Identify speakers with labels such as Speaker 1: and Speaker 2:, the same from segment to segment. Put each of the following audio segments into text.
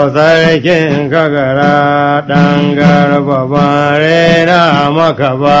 Speaker 1: yau sarkin kagara ɗan garba ba rena maka ba.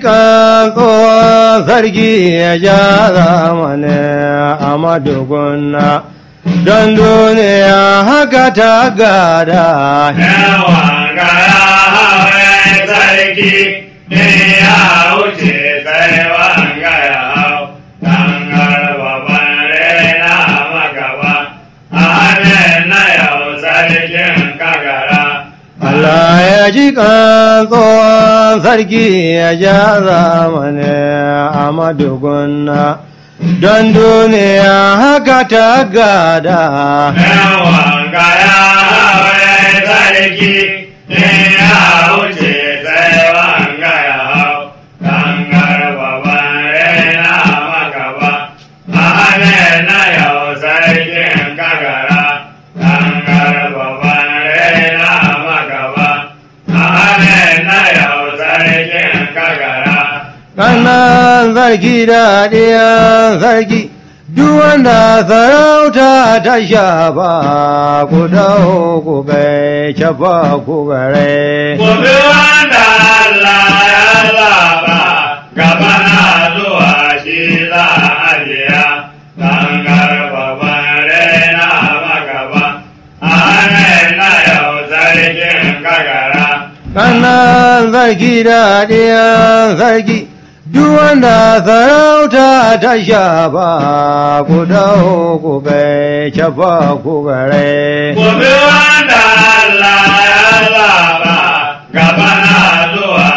Speaker 1: ko sarki ya zamane a madogunna don duniya haka ta gada yawa ga
Speaker 2: hawa sarki ne ya wuce tsayawa
Speaker 1: Allah ya ji kan tsohon sarki ya ja zamani a madugunna don duniya haka ta gada. Yawan kaya wani sarki ne ya wuce. ranar zargi da ɗayan zargi duk wanda sarauta ta sha ba ku dawo ku gai ba ku gare. Ku bi wanda Allah ya zaba gaba na zuwa shi za a biya don karfafan rena magaba amen na yau zargin kagara. Ranar zargi da ɗayan zargi Duwanda sarauta ta shafa ku dau ku kai shafa ku gare. bi wanda Allah ya zaba gaba na zuwa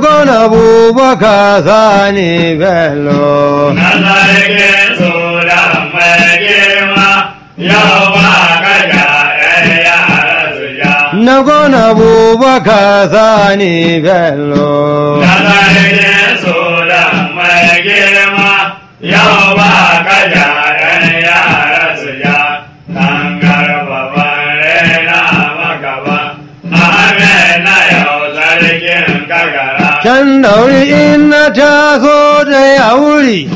Speaker 1: con Abubakar ni Bello. Na sarkin Sudan mai ma yau ba kaja Na con Abubakar ni Bello. Na sarkin Sudan mai ma ya ba kaja da wuri in na da ya wuri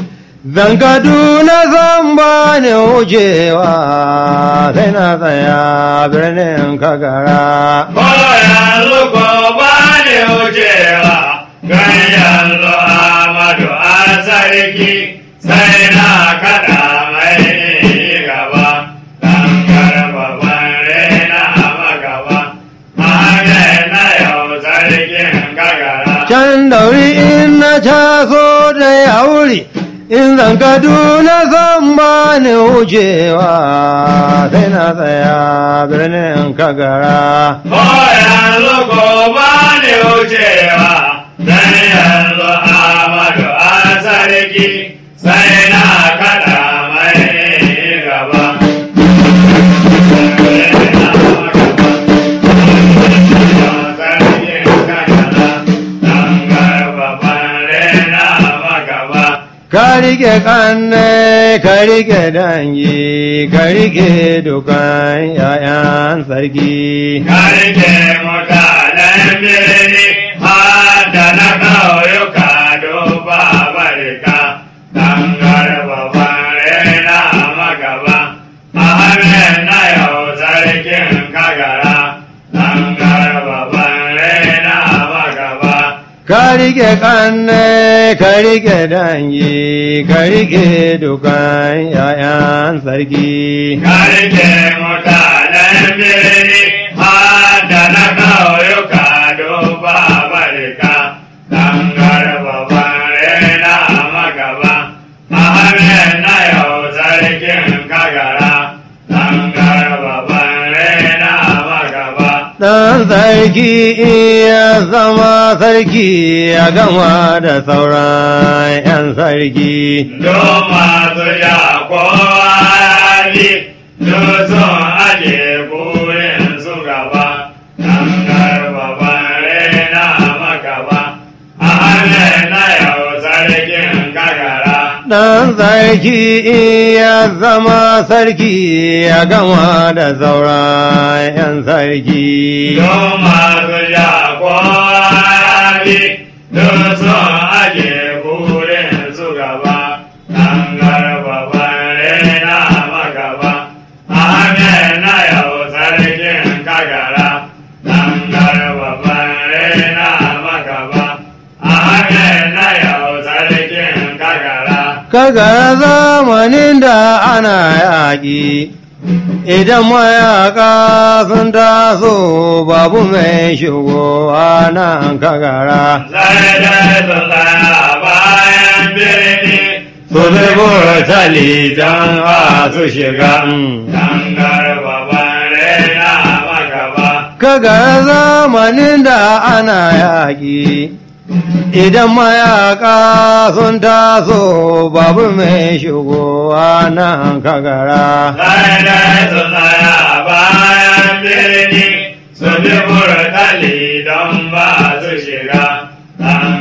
Speaker 1: zan kaduna zamba ne wujewa. sai na tsaya birnin kagara. Bala ya
Speaker 2: luko ba ni wucewa ganyen Amadu a sarki sai na
Speaker 1: in zan kaduna zan ba ni wucewa sai na tsaya birnin kagara bayan
Speaker 2: loko ba ni wucewa dan yanzu mato a sarki sai na kada
Speaker 1: ka rike kanne ka danyi dangi ka rike dukan yayan sarki ka mota mutanen birni har da na ƙauyuka duba barka dangar baba rena magaba ka rike kanne ka rike dangi ka rike dukan yayan sarki ka rike mutanen birni ɗan sarki iya zama sarki ya gama da sauran 'yan sarki. Doma su ya kowa ɗan sarki ya zama sarki ya gama da sauran 'yan sarki. kwa kaga zamanin da ana yaƙi idan mayaƙa sun so babu mai shigowa nan kagara sai dai sun tsaya bayan birni su zubo tali don a su shiga dangar baban rena maka ba kaga zamanin da ana yaƙi idan mayaka sun taso babu mai a nan kagara. Lainai su tsaya bayan birni su bi burtali
Speaker 2: don ba su shiga.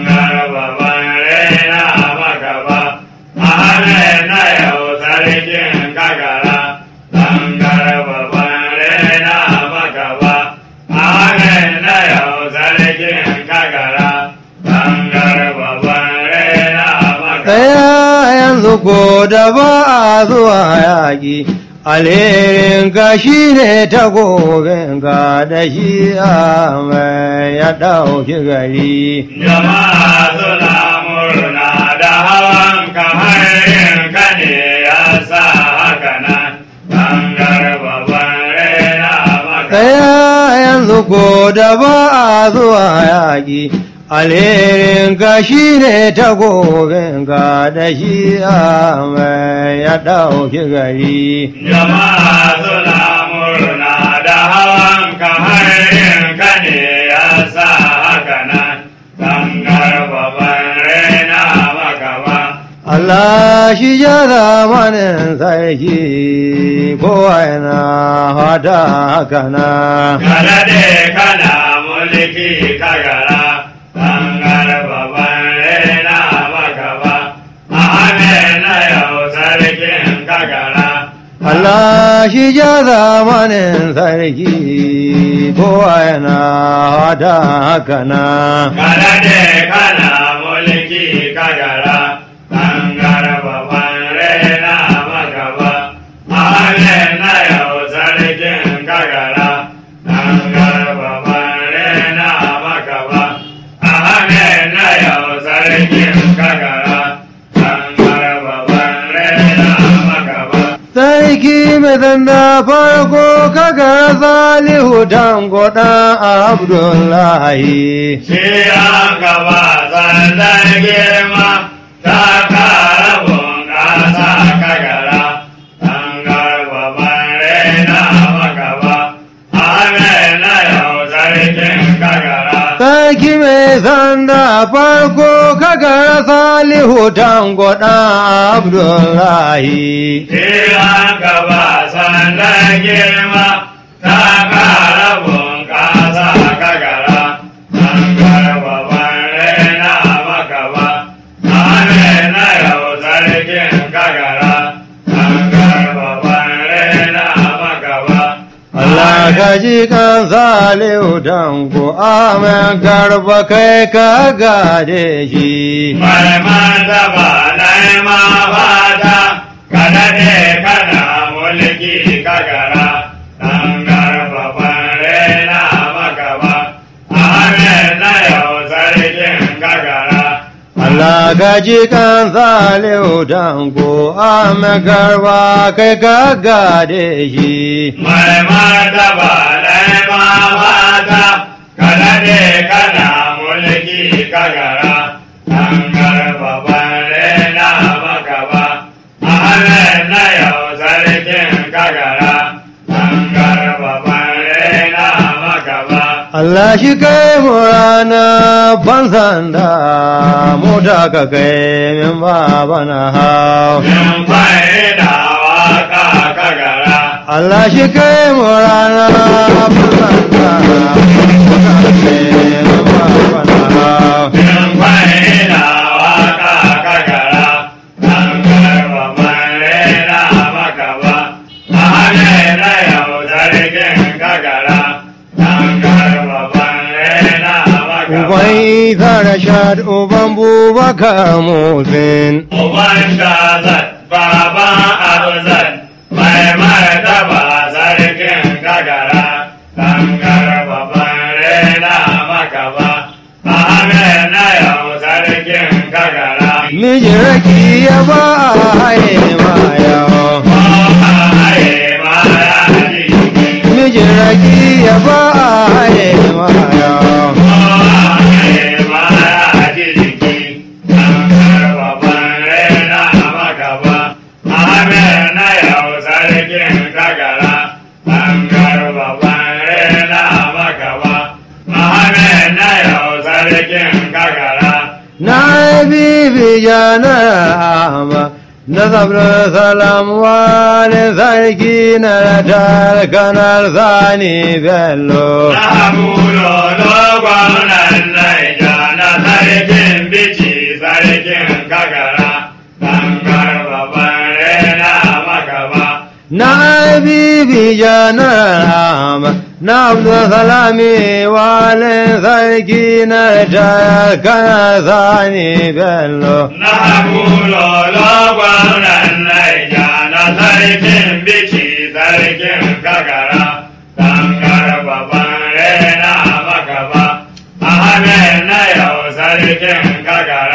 Speaker 1: goda ba a zuwa yaƙi alherin gashi ne ta gobin ga da shi a mai ya ɗauki gari jama'a suna murna da hawan ka
Speaker 2: ka ne ya sa haka na bangar babban
Speaker 1: rena maka yanzu ko da ba a zuwa yaƙi ga shi ne ta ga da shi a mai ya ɗauki gari. Jama'a suna murna da hawan ka ka ne ya sa haka nan don babban rena maka ba. Allah shi ya zamanin sarki ko na hada haka na. Kada kana mulki kaga Allah shi ja zamanin sarki kowa yana hada haka na. Kala de kala mulki kagara. sarki mai danda farko ga zalihu dango dan abdullahi shi an gaba sandan girma ta kara bunƙasa kaga da farko gara salihu dango ɗan abdullahi. Ilan gaba sannan girma. ka ji kan zaliu dango amen garba kai ka gare shi. Marmar da ba laima ba kada ne kada Magajikanza leudango amagarwa kagagadehi. Marmadava remavada kadade kada mulki kagara tangar babare navakava ahare nayo sarikin kagara. Allah shi kai mu rana fansan da mu da ka kai min ba bana hau. da Allah shi kai mu rana fansan da mu da ka kai min ba bana hau. da akwai zarashad uban bubaka musin. Uban shazad baba abuzad
Speaker 2: mai taba zargin gagara dangar babban rena maka ba
Speaker 1: amen na yau zargin gagara. Mijiraki ya ba a haye ma yau. a ya Mijiraki ya ba a haye ma yau. na bibi jana ama na zabar salamuwa ne na talkanar na bulo
Speaker 2: dogonan naija na sarkin bici sarkin
Speaker 1: gagara dangar babban na نام نبض ظلمي والذرقين جاك ثاني بلو نقول
Speaker 2: لو قلنا النيجان
Speaker 1: ذرقين بكي
Speaker 2: ذرقين كقرا تنقر ببارنا مكبا أهلنا يو ذرقين
Speaker 1: كقرا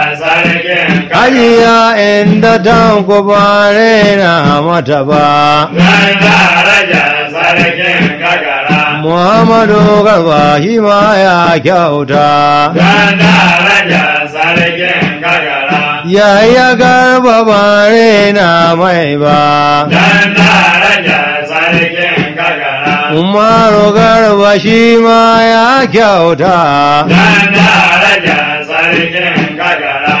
Speaker 1: hajiya inda ta ku ba rena mata ba. Nan daraja sarkin Muhammadu garba shi ma ya kyauta. Nan daraja sarkin gagara. Ya ya garba ba rena mai ba. Nan daraja sarkin gagara. Umaru garba shi ma ya kyauta. Nan daraja sarkin gagara.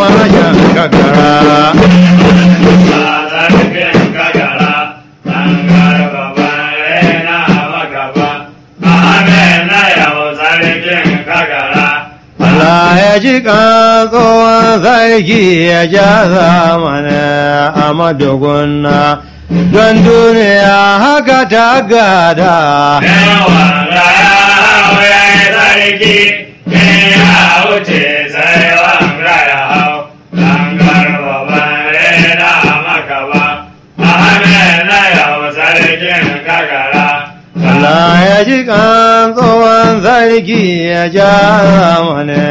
Speaker 1: ọmọ ajá gàgàrà. Layajikan tsohon sarki ya ja zamana a madogunna don duniya haka ta gada. Yawan ya sarki ya ji kan tsohon zargi ya ja wani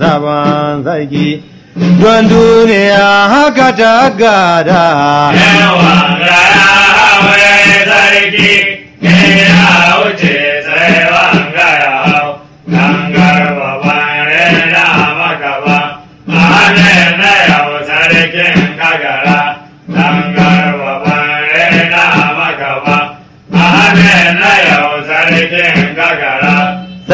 Speaker 1: sabon zargi don duniya haka ta gada yawa gara hawa ya zargi ya wuce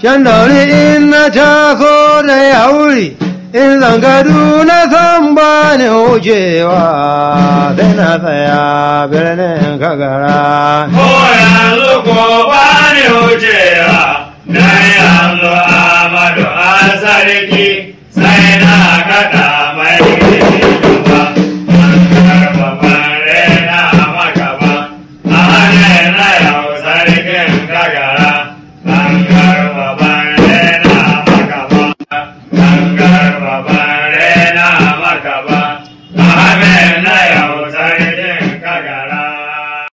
Speaker 1: can dauri in na tako da ya hauri in zangadu na san ba ni wucewa kagara. Ko
Speaker 2: yanzu ko ba ni wucewa na yanzu Amadu a sarki sai na kada